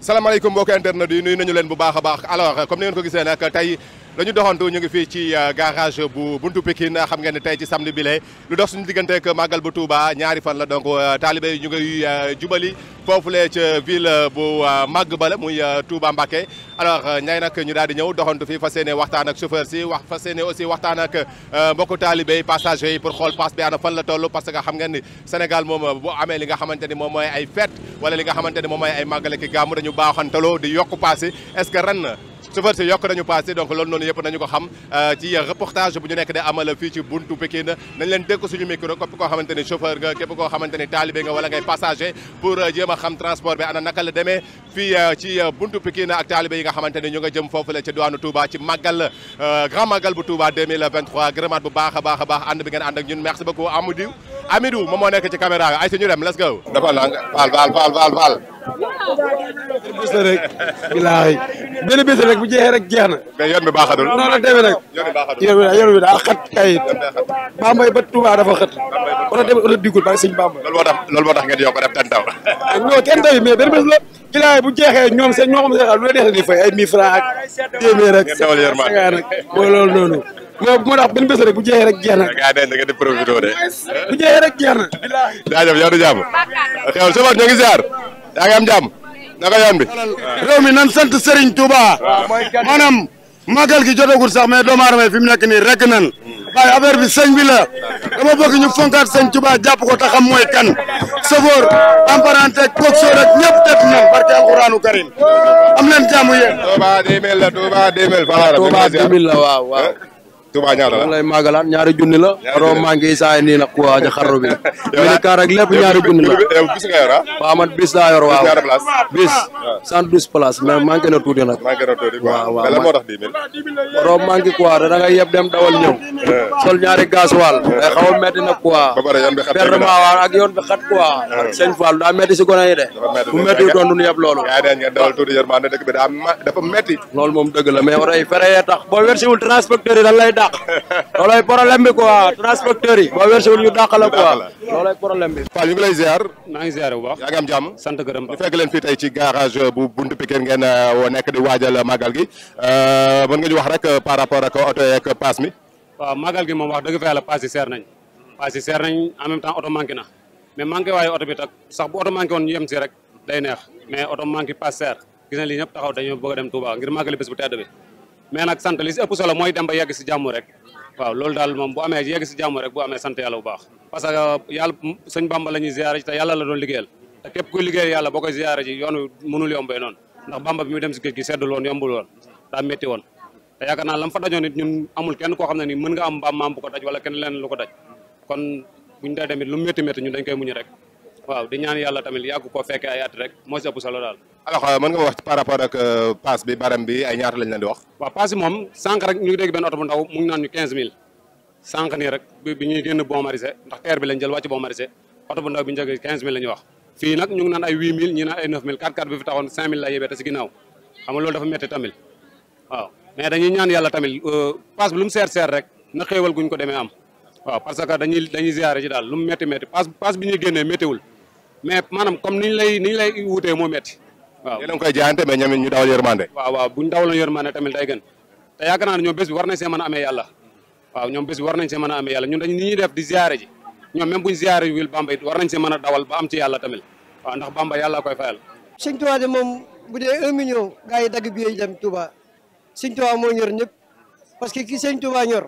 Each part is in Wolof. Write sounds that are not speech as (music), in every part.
salaamaaleykum mbokki internet yi nuyu nañu leen bu baax a baax alors comme ni ngeen ko gisee nag tey dañu doxantu ñu ngi fii ci euh, garage bu buntu Pikine xam ngeen ne tey ci samedi bi lee lu dox suñu diggante ak màggal bu Touba ñaari fan la donc euh, taalibe ñu ngi euh, jubali foofulee ca ville bu màgg bala muy Touba Mbacké alors ñay nag ñu daal di ñëw doxantu fii fas yéene waxtaan ak chauffeur si wax fas yéene aussi waxtaan ak mbokku taalibe yi passagers yi pour xool pass bi ana fan la toll parce que xam ngeen ni Sénégal moom bu amee li nga xamante ni moom mooy ay fête wala li nga xamante ni moom mooy ay màggale ki gàmmu dañu baaxantaloo di yokku pass yi que ren chauffeur si yokk nañu paas yi donc loolu noonu yëpp nañu ko xam euh, ci reportage bu ñu nekk de amal fii ci buntu Pikine nañ leen dénk suñu micro képp koo xamante ni chauffeur nga képp koo xamante ni nga wala ngay passager pour euh, jéem a xam transport bi ana naka la demee fii euh, ci buntu Pikine ak taalibe yi nga xamante ñu nga jëm foofu la ci diwaanu Touba ci màggal grand màggal bu Touba 2023 bu baax a baax a bi ngeen ànd ñun merci beaucoup bis la rek. bilaay benn bis rek bu jeexee rek jeex na. mais yoon bi baaxadul. non non demee nag. yoon bi baaxadul yoon bi daa xat kay. Bambey ba Touba dafa xat. oto demee oto digul ba sëñ Bamba. loolu moo tax loolu moo tax ngeen yokk def ten taw. Ah, non ten taw mais benn bis la. bilaay bu jeexee ñoom seen ñoo xam ne lu la neexee di fay ay 1000 francs ak téeméer ak. ngeen dawal yërmande ak mooy loolu noonu. moo moo tax benn bés rek bu jeexee rek jeex na. gars yi nga di profité de. bu jeexee rek jeex na. jaajëf yow du jàmm xew sama ñu ngi ziar yaa ngi am jàmm naka yoon bi. réew mi nan sant Serigne Touba. maanaam màggal gi jotagul sax mais doomu aadama fi mu nekk nii rek nan waaye affaire bi sëñ bi la dama bëgg ñu fonkaat sëñ Touba jàpp ko te xam mooy kan Sëfoor Amparante Koksor ak ñëpp def nan barke alquranu karim am leen jàmm yéen. Touba 2000 la Touba 2000. la waaw Touba ñaata la lay maagalaat ñaari junni la. ro a ngi saay a nag a ja xarru bi. (laughs) yow yaa kaar ak lépp ñaari junni la yow bis nga yor ah. waaw man bis laa yor waaw bis. cent ah. douze place mais manqué na tuuti nag. manqué na tuuti waaw waaw mais lan da ngay yeb dem dawal ñëw. Eh. sol ñaari gasoil. day eh. eh, xaw a métti nag quoi. ba pare yoon bi xat waaw ak yoon bi xat quoi. daa métti si gone yi de. bu métti doon du yeb loolu. yaa ngi leen dawal tuuti yor maa ne dëkk bi daa dafa yi lan lay dàq loolooy problème bi quoi transporteur yi boo wérsiwul yu dàq la quoi loolooy problème bi Fall ñu ngi lay ziar naa ngi ziar bu baax yaa ngi am jàmm sant gërëm ñu fekk leen fii tey ci garage bu buntu Pikine ngeen eh, woo nekk di waajal màggal gi eh, mën nga wax rek eh, par rapport ak oto yeeg paas mi waaw màggal gi moom wax dëgg fa yàlla paas yi seer nañ paas yi seer nañ en même temps oto na mais manqué waaye oto bi tak sax bu oto manqué woon ñu yem si oto manqué paas seer a dem bi mais nag sant li si ëpp solo mooy dem ba yegg si jàmm rek waaw loolu daal moom bu amee yegg si jàmm rek bu amee sant yàlla bu baax parce que yàlla sëñ Bamba la ziyaare ji te yàlla la doon liggéeyal te képp kuy liggéeyal yàlla boo koy ziyaare ji yoonu mënul yombee noonu ndax Bamba bi mu dem si géej gi seddul woon yombul woon daa métti woon te yaakaar naa lam fa dajoon nit ñun amul kenn koo xam ne nii mën nga am mbaam maam bu ko daj wala kenn leen lu ko daj kon buñ dee lu métti métti ñun dañ koy rek waaw di ñaan yàlla tamit yàgg koo fekkee ay rek moo si daal alors euh, mën nga ma wax par rapport ak euh, paas bi baram bi ay ñaata naan ñu 15000 sànq nii rek bi ñuy génn bon la ñuy wax. fii nag ñu ngi naan ay euh, ko demee am waaw parce que dañuy dañuy ziare ci daal lu mu métti métti paas paas bi ñuy génnee méttiwul mais maanaam comme niñ lay niñ lay wutee moo métti waaw yéen a ngi koy jaayante mais ñoom ñu dawal yërmande waaw waaw buñ dawaloon yërmande tamit day gën te yaakaar naa ne ñoom bés bi war nañ see mën a amee yàlla waaw ñoom bés bi war nañ see mën a amee yàlla ñun dañ ni ñuy def di ziare ji ñoom même buñ ziare wil bamba it war nañ see mën a dawal ba am ci yàlla tamit waaw ndax bamba yàlla koy fayal sëñ Tuubaa de moom bu dee un million gars yi dagg bi dem Touba sëñ Tuubaa moo ñor ñëpp parce que ki sëñ Tuubaa ñor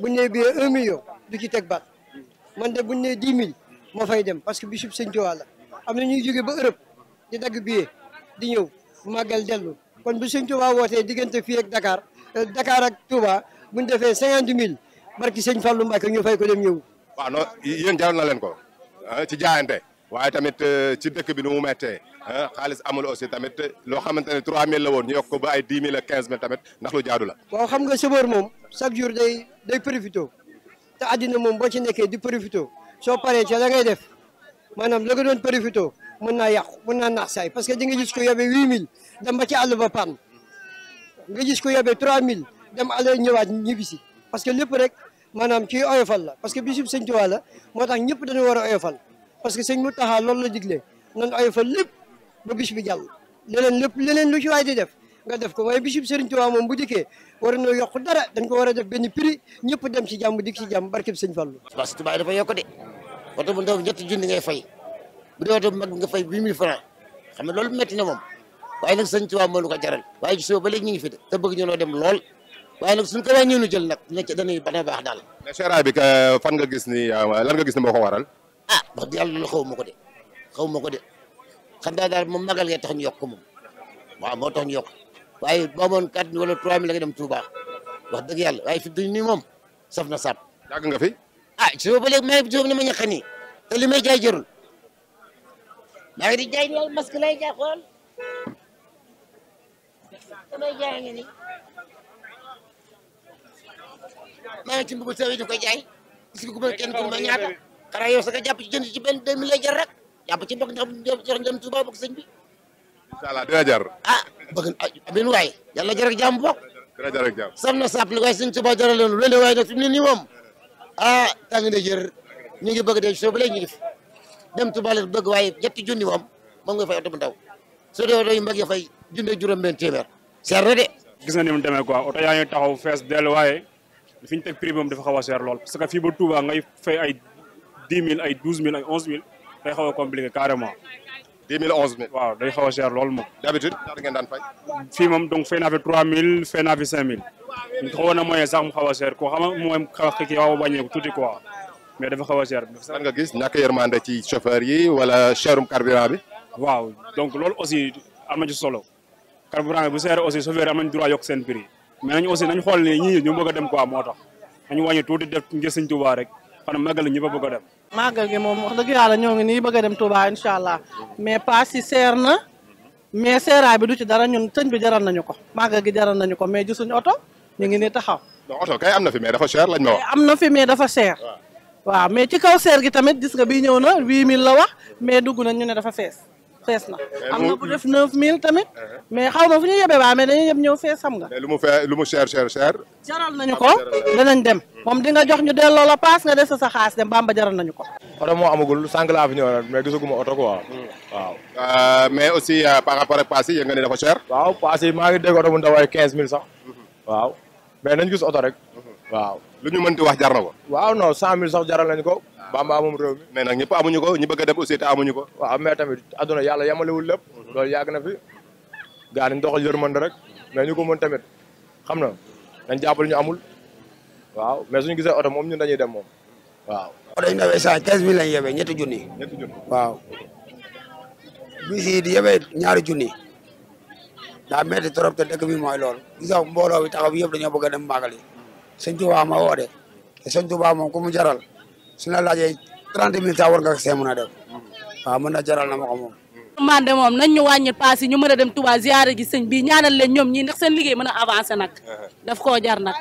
buñ nee billet un million du ci teg baat man de buñ nee dix mille moo fay dem parce que bisub sëñ Tuubaa la am na ñuy jóge ba Europe di dagg billet di ñëw màggal dellu kon bu sëñ Touba wootee diggante fii ak Dakar eh, Dakar ak Touba bu ñu defee cinquante mille barki sëñ Fallou Mbacke ñu fay ko dem ñëw. waaw non yéen leen ko ah, ci jaayante waaye tamit eh, ci dëkk bi nu mu metee ah, xaalis amul aussi tamit eh, loo xamante ne trois mille la woon ñu yokk ko ba ay dix mille ak quinze mille tamit ndax lu jaadu la. waaw xam nga chauffeur moom chaque jour day day profité te àddina moom boo ci nekkee di profité soo paree ca la ngay def maanaam la nga doon profité. mën naa yàqu mën naa naax saay parce que di nga gis ko yóbbee 8000 dem ba ci àll ba pann nga gis ko yóbbee 3000 dem àll ñëwaat ñibbisi parce que lépp rek maanaam ci oyofal la parce que bisub sëñ Tuubaa la moo tax ñëpp war a oyofal parce que sëñ Muntaxa loolu la diglee nan oyofal lépp ba bis bi jàll leneen lépp leneen lu ci waay def nga def ko waaye bisub sëriñ Tuubaa moom bu dikkee war na yokk dara dañ ko war a def benn prix ñëpp dem ci jàmm dikk ci jàmm barkeb sëñ Fallu parce que Tuubaa dafa yokk de oto bu ndaw ñetti junni ngay fay bu dee oto bu mag bi nga fay huit mille francs xam nga loolu moom waaye nag sëñ Tuubaa moo ñu ko ba léegi ñu ngi fi de te nag ko waa ñëwnu jël nag dina ci baax daal mais seeraay bi euh, fan nga gis ni euh, lan nga gis ni ko waral ah wax dëgg yàlla loolu ma ko de xaw ma ko de xam daa daal moom magal ngay tax ñu yokk ko moom waaw moo tax ñu yokk waaye boo amoon quatre mille wala trois mille la nga dem Touba wax dëgg yàlla waaye fi duñ nii moom saf na sap yàgg nga fi ah soo ba léegi ma soof ne ma ñaqan nii te li may maa ngi di jaay ni ay masque lay jaay xool damay jaay ngi ni maa ngi ci mbubu sawi di ko jaay gis nga ku ma kenn ku ma ñaata xanaa yow sax nga jàpp ci jënd ci benn deux mille lay jar rek jàpp ci mbokk ndax jox ndem Tuuba bokk sëñ bi incha allah dina jar ah bëgg ah, amin waay na sap ni waaye sëñ Tuuba jaral leen lu waaye nag fi mu nii moom ah tàng na jër ñu ngi bëgg dee soo ba léegi ñu ngi dem Touba la bëgg waaye ñetti junni moom moom nga fay oto bu ndaw soo dee oto yu mag fay junne juróom-benn téeméer seer na de. gis nga ni mu demee quoi oto yaa ngi fees dellu waaye fi teg prix moom dafa xaw a seer lool parce que fii ay dix mille ay douze mille ay onze mille day xaw a compliqué carrément. dix mille lool moom. d'habitude ñaata ngeen daan fay. fii moom donc fay fi trois mille fay fi cinq mille. xawoon na sax mu xaw a cher koo xam ne moom a xaw a wàññeeku quoi. mais dafa xaw a cher. lan nga gis ñàkk yërmande ci chauffeur yi wala cherum carburant bi. waaw donc loolu aussi am na solo carburant bi bu seer aussi chauffeur yi am nañ droit yokk seen prix mais nañu aussi nañ xool ne ñii ñu bëgg a dem quoi moo tax nañu wàññi tuuti def ngir Sëñ Tuubaa rek xanaa màggal ñi ba bëgg a dem. gi moom wax dëgg yàlla ñoo ngi nii bëgg a dem Touba incha allah mais paas yi seer na mais seeraay du ci dara ñun sëñ bi nañu ko màggal gi jaral nañu ko mais gisuñu oto ñu ngi nii taxaw. donc oto kay am na fi mais dafa cher lañ ma am na fi mais dafa cher. waaw mais ci kaw seer gi tamit gis nga bii ñëw na 8000 la wax mais dugg na ñu ne dafa fees fees na. am na bu def 9000 tamit. Uh-huh. mais xaw ma fu ñu yebee baa mais dañu yeb ñëw fees xam nga. lu mu fee mu cher cher cher. jaral nañu ko danañ dem. moom di nga jox ñu delloo la paas nga des sa xaas dem Bamba jaral nañu ko. oto moo amagul sànq laa fi ñëwoon mais gisaguma oto quoi. Hmm. waaw. Euh, mais aussi euh, par rapport ak paas yi yéen nga ne dafa cher. waaw paas yi maa ngi dégg oto bu ndaw ay 15000 sax. Hmm. waaw mais nañ gis oto rek. waaw lu ñu mënti wax jar na ko waaw non cent mille sax jaral nañ ko ah. Bamba moom réew mi mais nag ñëpp amuñu ko ñi bëgg a dem aussi te ñu ko waaw mais tamit adduna yàlla yamalewul lépp mhm. loolu yàgg na fi gaa nañ doxal yërmande rek mais ñu ko mën tamit xam na dañ jàppal ñu amul waaw mais suñu gisee oto moom ñun dañuy dem moom waaw oto ñu dawee cent quinze mille lañ yebee ñetti junni ñetti junni waaw bis yi di yebee ñaari junni daa metti trop te dëkk bi mooy loolu gis nga mbooloo bi taxaw bi yëpp dañoo bëgg a dem màggali sëñ Tuubaa ma woo de te sëñ moom ku mu jaral su la laajee trente mille ta war nga see mën a def waaw mën na jaral na ma moom man de moom nañ ñu wàññi paas ñu mën a dem Touba ziare gi sëñ bi ñaanal leen ñoom ñii ndax seen liggéey mën a avancé nag daf koo jar nag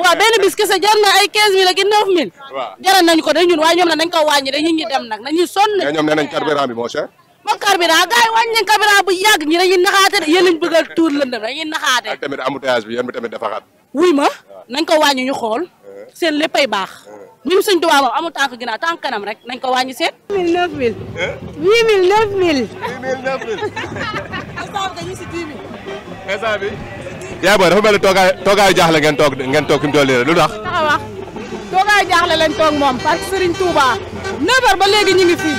waaw benn bis na ay 15000 ak jaral nañ ko de ñun waaye ñoom nag nañ ko wàññi dañuy ñi dem nag nañuy sonn. mais ñoom nee nañ carburant bi moo cher. moom carburant gars bu yàgg ñi dañuy de yéen lañ bëgg a tuur lëndëm dañuy wuy ma nañ ko wàññi ñu xool seen léppay baax mbirum sëñ Tuubaa moom amul tànk ginnaaw tànk kanam rek nañ ko wàññi seen. 8 000 9 000. 8 000 9 000. 8 000 9 000. instant bi dañuy si 10 jaaxle ngeen toog ngeen toog fi mu lu tax. waaw wax toogaayu jaaxle lañ toog moom parce que Serigne ba léegi ñu ngi fii.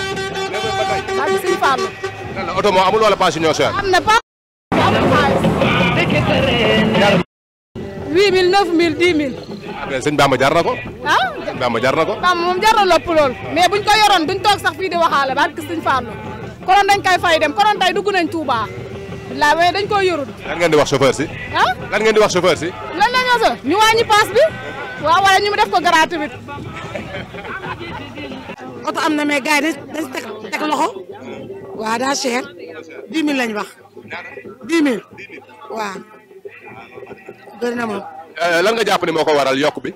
9h ba tey. la oto ñoo seer. 9000 10000. Ah, mais sëñ Bamba jar na ko. ah Bamba jar na ko. Bamba moom jar na lopp lool mais buñ ko yoroon duñ toog sax fii di waxaale baat gis sëñ Fallou konoon dañ koy fay dem konoon tey dugg nañ Touba. la waaye dañ koy yorul. lan ngeen di wax chauffeur si. ah lan ngeen di wax chauffeur si. lan la ñu wax ñu wàññi paas bi waaw waaye ñu mu def ko gratuit. oto am na mais gars yi dañ teg teg loxo. waaw daa cher. 10 000 lañ wax. 10 000. waaw. gën na moom. Euh, lan nga jàpp ne moo ko waral yokk bi.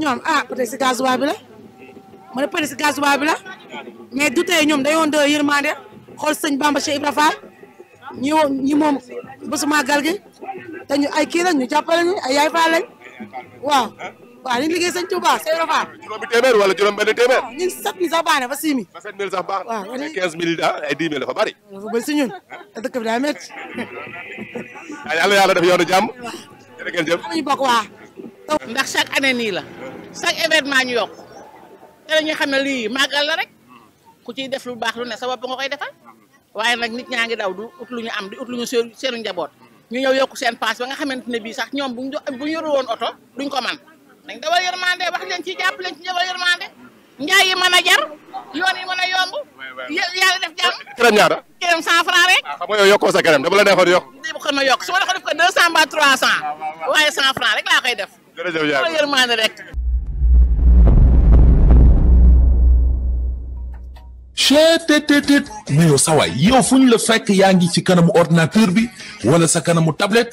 ñoom ah peut être si gasoil bi la ma ne peut être si gasoil bi la mais du tey ñoom dañoo doon yërmande xool sëñ Bamba Cheikh Ibra Fall ñi woo ñi moom bésu màggal gi te ñu ay kii lañ ñu jàppale ñu ay yaay Fall lañ waaw waaw ñu ngi liggéey sëñ Touba Cheikh Ibra Fall. juróomi téeméer wala juróom-benn téeméer. waaw ñun 7000 sax baax na ba 6000. ba 7000 sax baax na. waaw wala 15000 ah ay 10 000 dafa bari. dafa bëri si ñun te dëkk bi daa métti. (laughs) yàlla yàlla def yoonu jàmm. jërëjëf amuñu bokk waa. ndax chaque année nii la chaque événement ñu yokk te dañuy xam ne lii màggal la rek ku ci def lu baax lu ne sa bopp nga koy defal waaye nag nit ñaa ngi daw du ut lu ñu am di ut lu ñu seenu njaboot ñu ñëw yokk seen paas ba nga xamante ne bii sax ñoom bu ñu yorul woon oto duñ ko man dañ dawal yërmande wax leen ci jàpp leen ci dawal yërmande njaay yi mën a jar yoon yi mën a yomb. yàlla def jàmm. këram ah? cent franc rek. ah xam yokkoo sa këram dama la neexoon yokk. dama la yokk su ma la ko def ko deux cent ba trois cent. Ah, waaye cent franc rek laa koy def. jërëjëf yaa ngi yërmande rek. chetetetet mais yow sa ñu la fekk yaa ngi ci kanamu ordinateur bi wala sa kanamu tablet